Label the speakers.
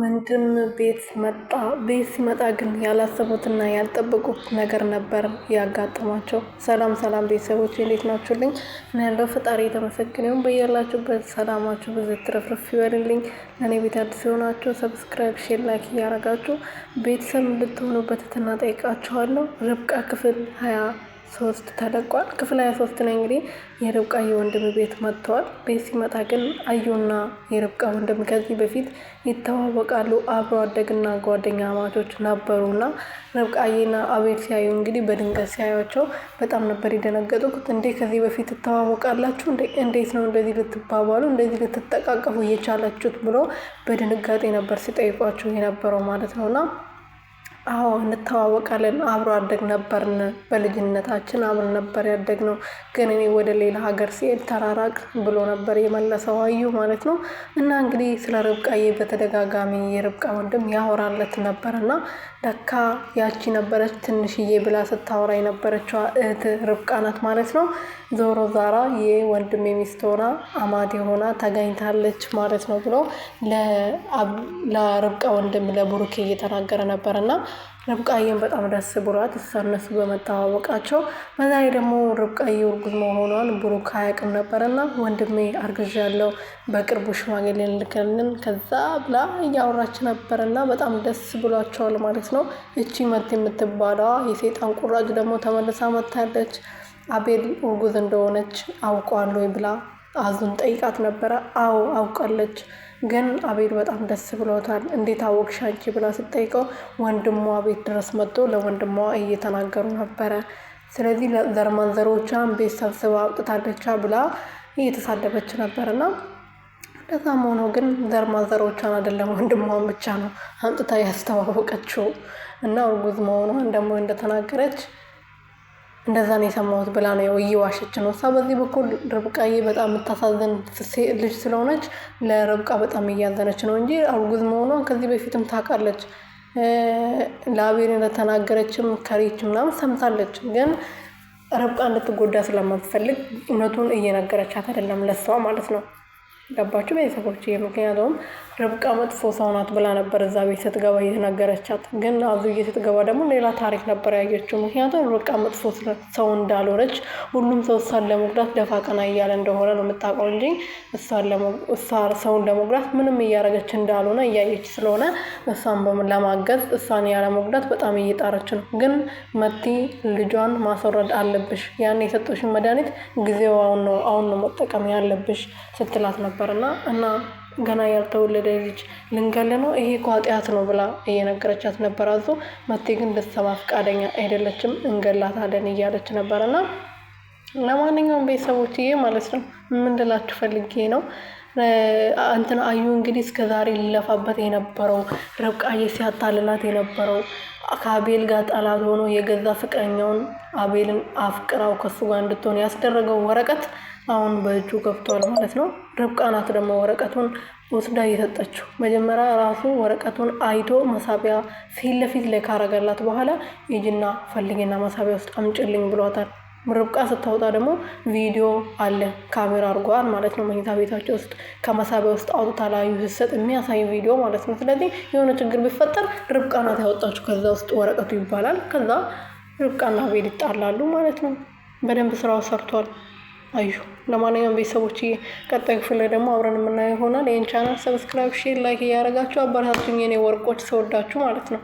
Speaker 1: ወንድም ቤት መጣ። ቤት ሲመጣ ግን ያላሰቡትና ያልጠበቁት ነገር ነበር ያጋጠማቸው። ሰላም ሰላም ቤተሰቦች እንዴት ናችሁልኝ? እኔ ያለው ፈጣሪ የተመሰገነ ይሁን። በያላችሁበት ሰላማችሁ ብዙ ትረፍርፍ ይበልልኝ። እኔ ቤት አዲስ የሆናችሁ ሰብስክራይብ፣ ሼር፣ ላይክ እያረጋችሁ ቤተሰብ እንድትሆኑ በትህትና ጠይቃችኋለሁ። ርብቃ ክፍል ሀያ ሶስት ተለቋል። ክፍል ሀያ ሶስት ላይ እንግዲህ የርብቃ የወንድም ቤት መጥተዋል። ቤት ሲመጣ ግን አዩና የርብቃ ወንድም ከዚህ በፊት ይተዋወቃሉ፣ አብሮ አደግና ጓደኛ ማቾች ነበሩና ርብቃዬና አቤል ሲያዩ እንግዲህ በድንገት ሲያዩቸው በጣም ነበር የደነገጡት። እንዴ ከዚህ በፊት ትተዋወቃላችሁ? እንዴት ነው እንደዚህ ልትባባሉ፣ እንደዚህ ልትጠቃቀፉ እየቻላችሁት ብሎ በድንጋጤ ነበር ሲጠይቋቸው የነበረው ማለት ነውና አዎ እንተዋወቃለን። አብሮ አደግ ነበርን። በልጅነታችን አብረን ነበር ያደግነው። ግን እኔ ወደ ሌላ ሀገር ሲሄድ ተራራቅ ብሎ ነበር የመለሰው አዩ ማለት ነው። እና እንግዲህ ስለ ርብቃዬ በተደጋጋሚ የርብቃ ወንድም ያወራለት ነበር እና ለካ ያቺ ነበረች ትንሽዬ ብላ ስታወራ የነበረችዋ እህት ርብቃ ናት ማለት ነው። ዞሮ ዛራ የወንድም የሚስት ሆና አማቴ ሆና ተገኝታለች ማለት ነው ብሎ ለርብቃ ወንድም ለቡሩኬ እየተናገረ ነበር እና ርብቃዬን በጣም ደስ ብሏት እሷ እነሱ በመተዋወቃቸው በዛ ላይ ደግሞ ርብቃዬ እርጉዝ መሆኗን ብሩክ አያውቅም ነበርና ወንድሜ አርግዣለሁ በቅርቡ ሽማግሌ ልከልን ከዛ ብላ እያወራች ነበርና በጣም ደስ ብሏቸዋል ማለት ነው። እቺ መት የምትባለዋ የሴጣን ቁራጭ ደግሞ ተመልሳ መታለች። አቤል እርጉዝ እንደሆነች አውቋለሁ ብላ አዙን ጠይቃት ነበረ። አዎ አውቃለች፣ ግን አቤል በጣም ደስ ብሎታል። እንዴት አወቅሽ አንቺ ብላ ስጠይቀው ወንድሟ ቤት ድረስ መጥቶ ለወንድሟ እየተናገሩ ነበረ። ስለዚህ ዘርማንዘሮቿን ቤት ሰብስባ አውጥታለቻ ብላ እየተሳደበች ነበርና ከዛም ሆኖ ግን ዘርማንዘሮቿን አይደለም ወንድሟን ብቻ ነው አምጥታ ያስተዋወቀችው እና እርጉዝ መሆኗን ደግሞ እንደተናገረች እንደዛ ነው የሰማሁት ብላ ነው እየዋሸች ነው እሷ። በዚህ በኩል ርብቃዬ በጣም የምታሳዘን ልጅ ስለሆነች ለርብቃ በጣም እያዘነች ነው እንጂ አርጉዝ መሆኗን ከዚህ በፊትም ታውቃለች። ለአቤል እንደተናገረችም ከሬች ምናምን ሰምታለች። ግን ርብቃ እንድትጎዳ ስለማትፈልግ እውነቱን እየነገረቻት አይደለም፣ ለሷ ማለት ነው። ገባችሁ ቤተሰቦች? ምክንያቱም ርብቃ መጥፎ ሰው ናት ብላ ነበር እዛ ቤት ስትገባ እየተናገረቻት። ግን አዙዬ ስትገባ ደግሞ ሌላ ታሪክ ነበር ያየችው። ምክንያቱም ርብቃ መጥፎ ሰው እንዳልሆነች ሁሉም ሰው እሷን ለመጉዳት ደፋ ቀና እያለ እንደሆነ ነው የምታውቀው እንጂ ሰውን ለመጉዳት ምንም እያደረገች እንዳልሆነ እያየች ስለሆነ እሷን ለማገዝ እሷን ያለ መጉዳት በጣም እየጣረች ነው። ግን መቲ ልጇን ማስወረድ አለብሽ፣ ያን የሰጡሽን መድኃኒት ጊዜው አሁን ነው አሁን ነው መጠቀም ያለብሽ ስትላት ነበር እና እና ገና ያልተወለደ ልጅ ልንገል ነው ይሄ እኮ ኃጢአት ነው ብላ እየነገረቻት ነበር። አዞ መቴ ግን ልትሰማ ፈቃደኛ አይደለችም። እንገላታለን እያለች ነበርና ለማንኛውም ይሄ ማለት ነው የምንላችሁ ፈልጌ ነው እንትን አዩ እንግዲህ እስከ ዛሬ ሊለፋበት የነበረው ርብቃዬ ሲያታልላት የነበረው ከአቤል ጋር ጠላት ሆኖ የገዛ ፍቅረኛውን አቤልን አፍቅራው ከሱ ጋር እንድትሆን ያስደረገው ወረቀት አሁን በእጁ ገብቷል ማለት ነው። ርብቃ ናት ደግሞ ወረቀቱን ወስዳ እየሰጠችው። መጀመሪያ ራሱ ወረቀቱን አይቶ መሳቢያ ፊት ለፊት ላይ ካረገላት በኋላ ሂጂና ፈልጊና መሳቢያ ውስጥ አምጭልኝ ብሏታል። ርብቃ ስታወጣ ደግሞ ቪዲዮ አለ ካሜራ አድርጓል ማለት ነው። መኝታ ቤታቸው ውስጥ ከመሳቢያ ውስጥ አውጥታ ላዩ ስትሰጥ የሚያሳይ ቪዲዮ ማለት ነው። ስለዚህ የሆነ ችግር ቢፈጠር ርብቃ ናት ያወጣችሁ ከዛ ውስጥ ወረቀቱ ይባላል። ከዛ ርብቃና ቤድ ይጣላሉ ማለት ነው። በደንብ ስራው ሰርቷል። አዩ። ለማንኛውም ቤተሰቦች ቀጣይ ክፍል ላይ ደግሞ አብረን የምናየው ይሆናል። ይህን ቻናል ሰብስክራይብ፣ ሼር፣ ላይክ እያደረጋችሁ አበረታቱኝ የኔ ወርቆች፣ ተወዳችሁ ማለት ነው።